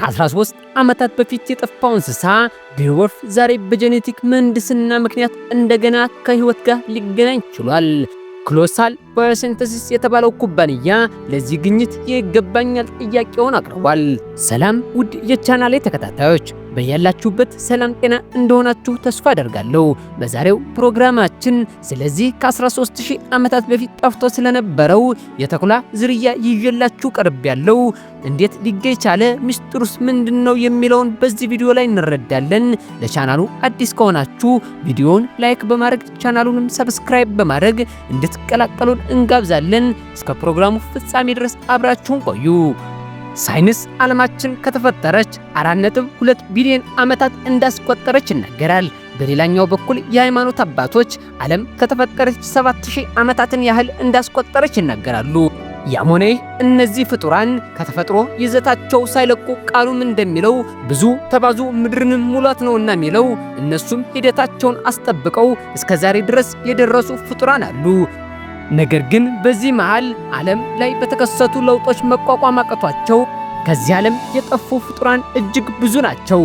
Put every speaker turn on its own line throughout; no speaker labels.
ከ13 ዓመታት በፊት የጠፋው እንስሳ ቢወርፍ ዛሬ በጄኔቲክ ምህንድስና ምክንያት እንደገና ከህይወት ጋር ሊገናኝ ችሏል። ክሎሳል ባዮሲንተሲስ የተባለው ኩባንያ ለዚህ ግኝት የይገባኛል ጥያቄውን አቅርቧል። ሰላም ውድ የቻናሌ ተከታታዮች በያላችሁበት ሰላም ጤና እንደሆናችሁ ተስፋ አደርጋለሁ። በዛሬው ፕሮግራማችን ስለዚህ ከ13000 ዓመታት በፊት ጠፍቶ ስለነበረው የተኩላ ዝርያ ይዤላችሁ ቀርቤያለሁ። እንዴት ሊገኝ ቻለ? ምስጢሩስ ምንድን ነው? የሚለውን በዚህ ቪዲዮ ላይ እንረዳለን። ለቻናሉ አዲስ ከሆናችሁ ቪዲዮውን ላይክ በማድረግ ቻናሉንም ሰብስክራይብ በማድረግ እንድትቀላቀሉን እንጋብዛለን። እስከ ፕሮግራሙ ፍጻሜ ድረስ አብራችሁን ቆዩ። ሳይንስ ዓለማችን ከተፈጠረች 4.2 ቢሊዮን ዓመታት እንዳስቆጠረች ይናገራል። በሌላኛው በኩል የሃይማኖት አባቶች ዓለም ከተፈጠረች 7000 ዓመታትን ያህል እንዳስቆጠረች ይነገራሉ። ያም ሆነ እነዚህ ፍጡራን ከተፈጥሮ ይዘታቸው ሳይለቁ ቃሉም እንደሚለው ብዙ ተባዙ ምድርንም ሙሏት ነውና የሚለው እነሱም ሂደታቸውን አስጠብቀው እስከ ዛሬ ድረስ የደረሱ ፍጡራን አሉ። ነገር ግን በዚህ መሃል ዓለም ላይ በተከሰቱ ለውጦች መቋቋም አቅቷቸው ከዚህ ዓለም የጠፉ ፍጡራን እጅግ ብዙ ናቸው።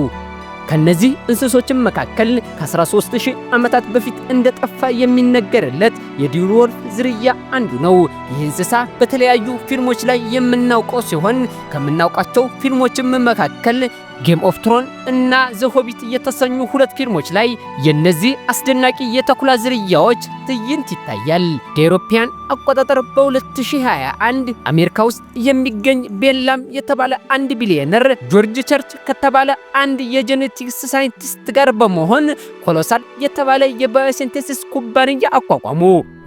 ከነዚህ እንስሶችም መካከል ከ13000 ዓመታት በፊት እንደጠፋ የሚነገርለት የዲር ወልፍ ዝርያ አንዱ ነው። ይህ እንስሳ በተለያዩ ፊልሞች ላይ የምናውቀው ሲሆን ከምናውቃቸው ፊልሞችም መካከል ጌም ኦፍ ትሮን እና ዘሆቢት የተሰኙ ሁለት ፊልሞች ላይ የእነዚህ አስደናቂ የተኩላ ዝርያዎች ትዕይንት ይታያል። የአውሮፓውያን አቆጣጠር በ2021 አሜሪካ ውስጥ የሚገኝ ቤንላም የተባለ አንድ ቢሊዮነር ጆርጅ ቸርች ከተባለ አንድ የጄኔቲክስ ሳይንቲስት ጋር በመሆን ኮሎሳል የተባለ የባዮሲንቴሲስ ኩባንያ አቋቋሙ።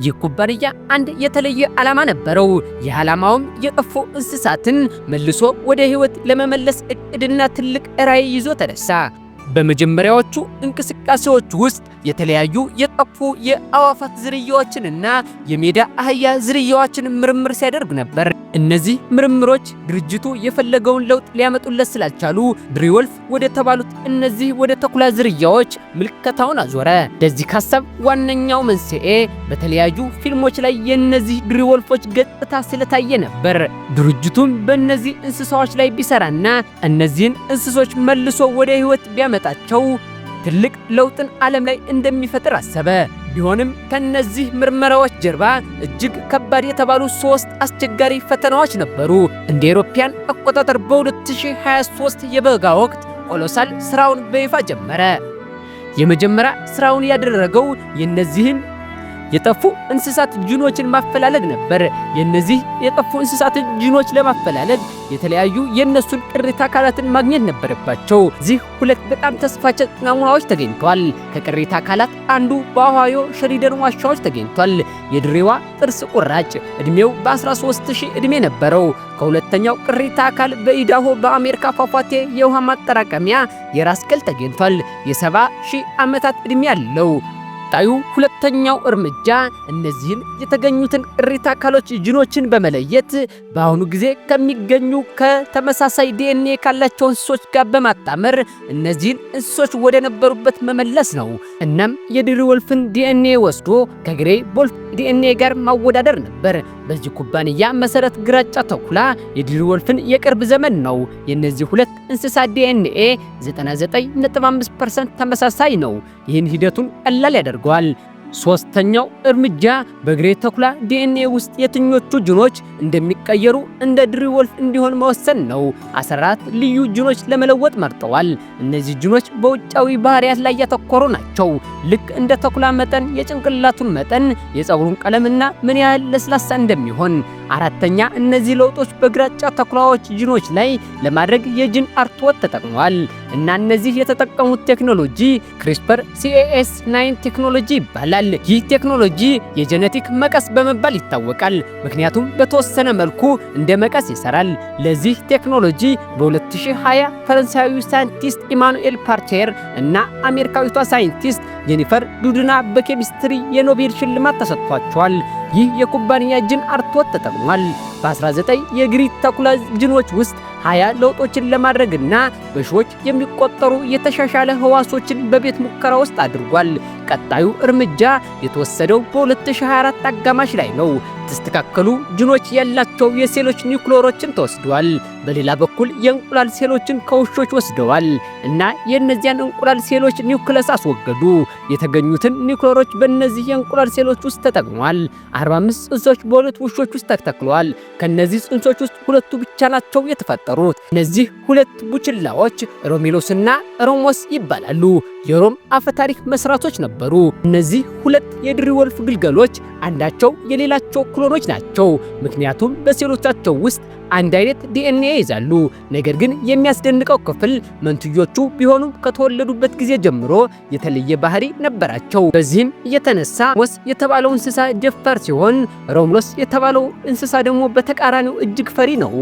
ይህ ኩባንያ አንድ የተለየ ዓላማ ነበረው። ይህ ዓላማውም የጠፉ እንስሳትን መልሶ ወደ ሕይወት ለመመለስ እቅድና ትልቅ ራዕይ ይዞ ተነሳ። በመጀመሪያዎቹ እንቅስቃሴ እንቅስቃሴዎች ውስጥ የተለያዩ የጠፉ የአዋፋት ዝርያዎችንና የሜዳ አህያ ዝርያዎችን ምርምር ሲያደርግ ነበር። እነዚህ ምርምሮች ድርጅቱ የፈለገውን ለውጥ ሊያመጡለት ስላልቻሉ ድሪወልፍ ወደ ተባሉት እነዚህ ወደ ተኩላ ዝርያዎች ምልከታውን አዞረ። ለዚህ ሀሳብ ዋነኛው መንስኤ በተለያዩ ፊልሞች ላይ የእነዚህ ድሪወልፎች ገጽታ ስለታየ ነበር። ድርጅቱም በእነዚህ እንስሳዎች ላይ ቢሰራና እነዚህን እንስሶች መልሶ ወደ ህይወት ቢያመጣቸው ትልቅ ለውጥን ዓለም ላይ እንደሚፈጥር አሰበ። ቢሆንም ከእነዚህ ምርመራዎች ጀርባ እጅግ ከባድ የተባሉ ሶስት አስቸጋሪ ፈተናዎች ነበሩ። እንደ አውሮፓውያን አቆጣጠር በ2023 የበጋ ወቅት ኮሎሳል ስራውን በይፋ ጀመረ። የመጀመሪያ ስራውን ያደረገው የእነዚህን የጠፉ እንስሳት ጅኖችን ማፈላለግ ነበር። የነዚህ የጠፉ እንስሳት ጅኖች ለማፈላለግ የተለያዩ የእነሱን ቅሪተ አካላትን ማግኘት ነበረባቸው። እዚህ ሁለት በጣም ተስፋቸ ናሙናዎች ተገኝተዋል። ከቅሪተ አካላት አንዱ በኦሃዮ ሸሪደን ዋሻዎች ተገኝቷል። የድሬዋ ጥርስ ቁራጭ እድሜው በ ሺህ እድሜ ነበረው። ከሁለተኛው ቅሪተ አካል በኢዳሆ በአሜሪካ ፏፏቴ የውሃ ማጠራቀሚያ የራስ ቅል ተገኝቷል። የ70 ሺህ ዓመታት እድሜ አለው። ቀጣዩ ሁለተኛው እርምጃ እነዚህን የተገኙትን እሪት አካሎች ጅኖችን በመለየት በአሁኑ ጊዜ ከሚገኙ ከተመሳሳይ ዲኤንኤ ካላቸው እንስሶች ጋር በማጣመር እነዚህን እንስሶች ወደ ነበሩበት መመለስ ነው። እናም የድሪ ወልፍን ዲኤንኤ ወስዶ ከግሬ ቦልፍ ዲኤንኤ ጋር ማወዳደር ነበር። በዚህ ኩባንያ መሰረት ግራጫ ተኩላ የድል ወልፍን የቅርብ ዘመን ነው። የእነዚህ ሁለት እንስሳት ዲኤንኤ 99.5% ተመሳሳይ ነው። ይህን ሂደቱን ቀላል ያደርገዋል። ሶስተኛው እርምጃ በግሬ ተኩላ ዲኤንኤ ውስጥ የትኞቹ ጅኖች እንደሚቀየሩ እንደ ድሪ ወልፍ እንዲሆን መወሰን ነው። 14 ልዩ ጅኖች ለመለወጥ መርጠዋል። እነዚህ ጅኖች በውጫዊ ባህሪያት ላይ ያተኮሩ ናቸው። ልክ እንደ ተኩላ መጠን፣ የጭንቅላቱን መጠን፣ የፀጉሩን ቀለምና ምን ያህል ለስላሳ እንደሚሆን አራተኛ እነዚህ ለውጦች በግራጫ ተኩላዎች ጅኖች ላይ ለማድረግ የጅን አርትወት ተጠቅመዋል እና እነዚህ የተጠቀሙት ቴክኖሎጂ ክሪስፐር ሲኤኤስ 9 ቴክኖሎጂ ይባላል። ይህ ቴክኖሎጂ የጀነቲክ መቀስ በመባል ይታወቃል፣ ምክንያቱም በተወሰነ መልኩ እንደ መቀስ ይሰራል። ለዚህ ቴክኖሎጂ በ2020 ፈረንሳዊ ሳይንቲስት ኢማኑኤል ፓርቴር እና አሜሪካዊቷ ሳይንቲስት ጄኒፈር ዱድና በኬሚስትሪ የኖቤል ሽልማት ተሰጥቷቸዋል። ይህ የኩባንያ ጅን አርትዖት ተጠቅሟል። በ19 የግሪክ ተኩላ ጅኖች ውስጥ 20 ለውጦችን ለማድረግና በሺዎች የሚቆጠሩ የተሻሻለ ህዋሶችን በቤት ሙከራ ውስጥ አድርጓል። ቀጣዩ እርምጃ የተወሰደው በ2024 አጋማሽ ላይ ነው። የተስተካከሉ ጅኖች ያላቸው የሴሎች ኒውክሎሮችን ተወስደዋል። በሌላ በኩል የእንቁላል ሴሎችን ከውሾች ወስደዋል እና የእነዚያን እንቁላል ሴሎች ኒውክለስ አስወገዱ። የተገኙትን ኒውክሎሮች በእነዚህ የእንቁላል ሴሎች ውስጥ ተጠቅሟል። 45 ጽንሶች በሁለት ውሾች ውስጥ ተተክለዋል። ከእነዚህ ጽንሶች ውስጥ ሁለቱ ብቻ ናቸው የተፈጠሩት። እነዚህ ሁለት ቡችላዎች ሮሚሎስና ሮሞስ ይባላሉ። የሮም አፈ ታሪክ መስራቶች ነበሩ። እነዚህ ሁለት ወልፍ ግልገሎች አንዳቸው የሌላቸው ክሎኖች ናቸው። ምክንያቱም በሴሎቻቸው ውስጥ አንድ አይነት ዲኤንኤ ይዛሉ። ነገር ግን የሚያስደንቀው ክፍል መንትዮቹ ቢሆኑም ከተወለዱበት ጊዜ ጀምሮ የተለየ ባህሪ ነበራቸው። በዚህም የተነሳ ሞስ የተባለው እንስሳ ደፋር ሲሆን፣ ሮምሎስ የተባለው እንስሳ ደግሞ በተቃራኒው እጅግ ፈሪ ነው።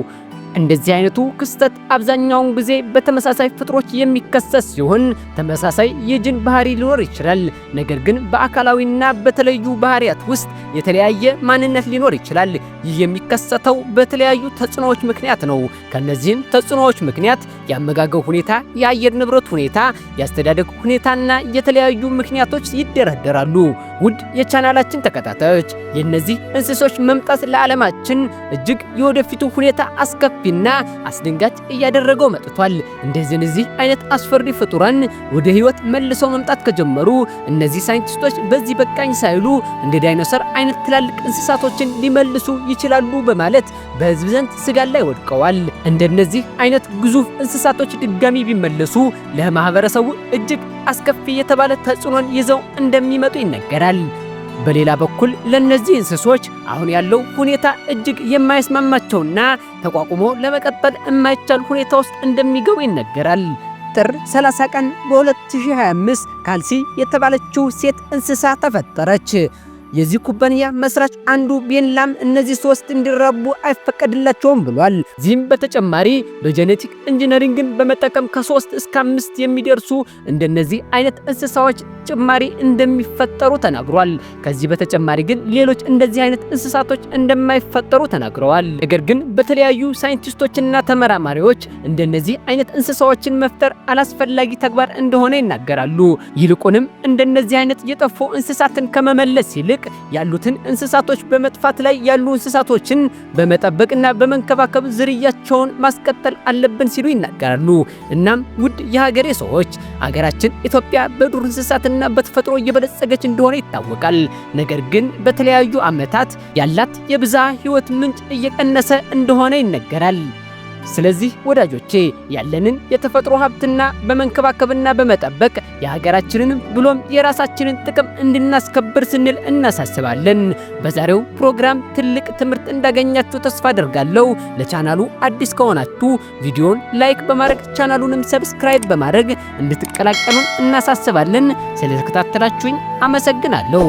እንደዚህ አይነቱ ክስተት አብዛኛውን ጊዜ በተመሳሳይ ፍጥሮች የሚከሰት ሲሆን ተመሳሳይ የጅን ባህሪ ሊኖር ይችላል። ነገር ግን በአካላዊና በተለዩ ባህሪያት ውስጥ የተለያየ ማንነት ሊኖር ይችላል። ይህ የሚከሰተው በተለያዩ ተጽዕኖዎች ምክንያት ነው። ከነዚህም ተጽዕኖዎች ምክንያት የአመጋገብ ሁኔታ፣ የአየር ንብረት ሁኔታ፣ የአስተዳደግ ሁኔታና የተለያዩ ምክንያቶች ይደረደራሉ። ውድ የቻናላችን ተከታታዮች የእነዚህ እንስሶች መምጣት ለዓለማችን እጅግ የወደፊቱ ሁኔታ አስከፍ አስከፊና አስደንጋጭ እያደረገው መጥቷል። እንደዚህን እዚህ አይነት አስፈሪ ፍጡራን ወደ ህይወት መልሰው መምጣት ከጀመሩ እነዚህ ሳይንቲስቶች በዚህ በቃኝ ሳይሉ እንደ ዳይኖሰር አይነት ትላልቅ እንስሳቶችን ሊመልሱ ይችላሉ በማለት በህዝብ ዘንድ ስጋት ላይ ወድቀዋል። እንደነዚህ አይነት ግዙፍ እንስሳቶች ድጋሚ ቢመለሱ ለማህበረሰቡ እጅግ አስከፊ የተባለ ተጽዕኖን ይዘው እንደሚመጡ ይነገራል። በሌላ በኩል ለእነዚህ እንስሶች አሁን ያለው ሁኔታ እጅግ የማይስማማቸውና ተቋቁሞ ለመቀጠል የማይቻል ሁኔታ ውስጥ እንደሚገቡ ይነገራል። ጥር 30 ቀን በ2025 ካልሲ የተባለችው ሴት እንስሳ ተፈጠረች። የዚህ ኩባንያ መስራች አንዱ ቤንላም እነዚህ ሶስት እንዲራቡ አይፈቀድላቸውም ብሏል። ዚህም በተጨማሪ በጄኔቲክ ኢንጂነሪንግን በመጠቀም ከሶስት እስከ አምስት የሚደርሱ እንደነዚህ አይነት እንስሳዎች ጭማሪ እንደሚፈጠሩ ተናግሯል። ከዚህ በተጨማሪ ግን ሌሎች እንደዚህ አይነት እንስሳቶች እንደማይፈጠሩ ተናግረዋል። ነገር ግን በተለያዩ ሳይንቲስቶችና ተመራማሪዎች እንደነዚህ አይነት እንስሳዎችን መፍጠር አላስፈላጊ ተግባር እንደሆነ ይናገራሉ። ይልቁንም እንደነዚህ አይነት የጠፉ እንስሳትን ከመመለስ ይልቅ ያሉትን እንስሳቶች በመጥፋት ላይ ያሉ እንስሳቶችን በመጠበቅና በመንከባከብ ዝርያቸውን ማስቀጠል አለብን ሲሉ ይናገራሉ። እናም ውድ የሀገሬ ሰዎች አገራችን ኢትዮጵያ በዱር እንስሳትና በተፈጥሮ እየበለጸገች እንደሆነ ይታወቃል። ነገር ግን በተለያዩ ዓመታት ያላት የብዝሃ ሕይወት ምንጭ እየቀነሰ እንደሆነ ይነገራል። ስለዚህ ወዳጆቼ ያለንን የተፈጥሮ ሀብትና በመንከባከብና በመጠበቅ የሀገራችንንም ብሎም የራሳችንን ጥቅም እንድናስከብር ስንል እናሳስባለን። በዛሬው ፕሮግራም ትልቅ ትምህርት እንዳገኛችሁ ተስፋ አደርጋለሁ። ለቻናሉ አዲስ ከሆናችሁ ቪዲዮን ላይክ በማድረግ ቻናሉንም ሰብስክራይብ በማድረግ እንድትቀላቀሉን እናሳስባለን። ስለተከታተላችሁኝ አመሰግናለሁ።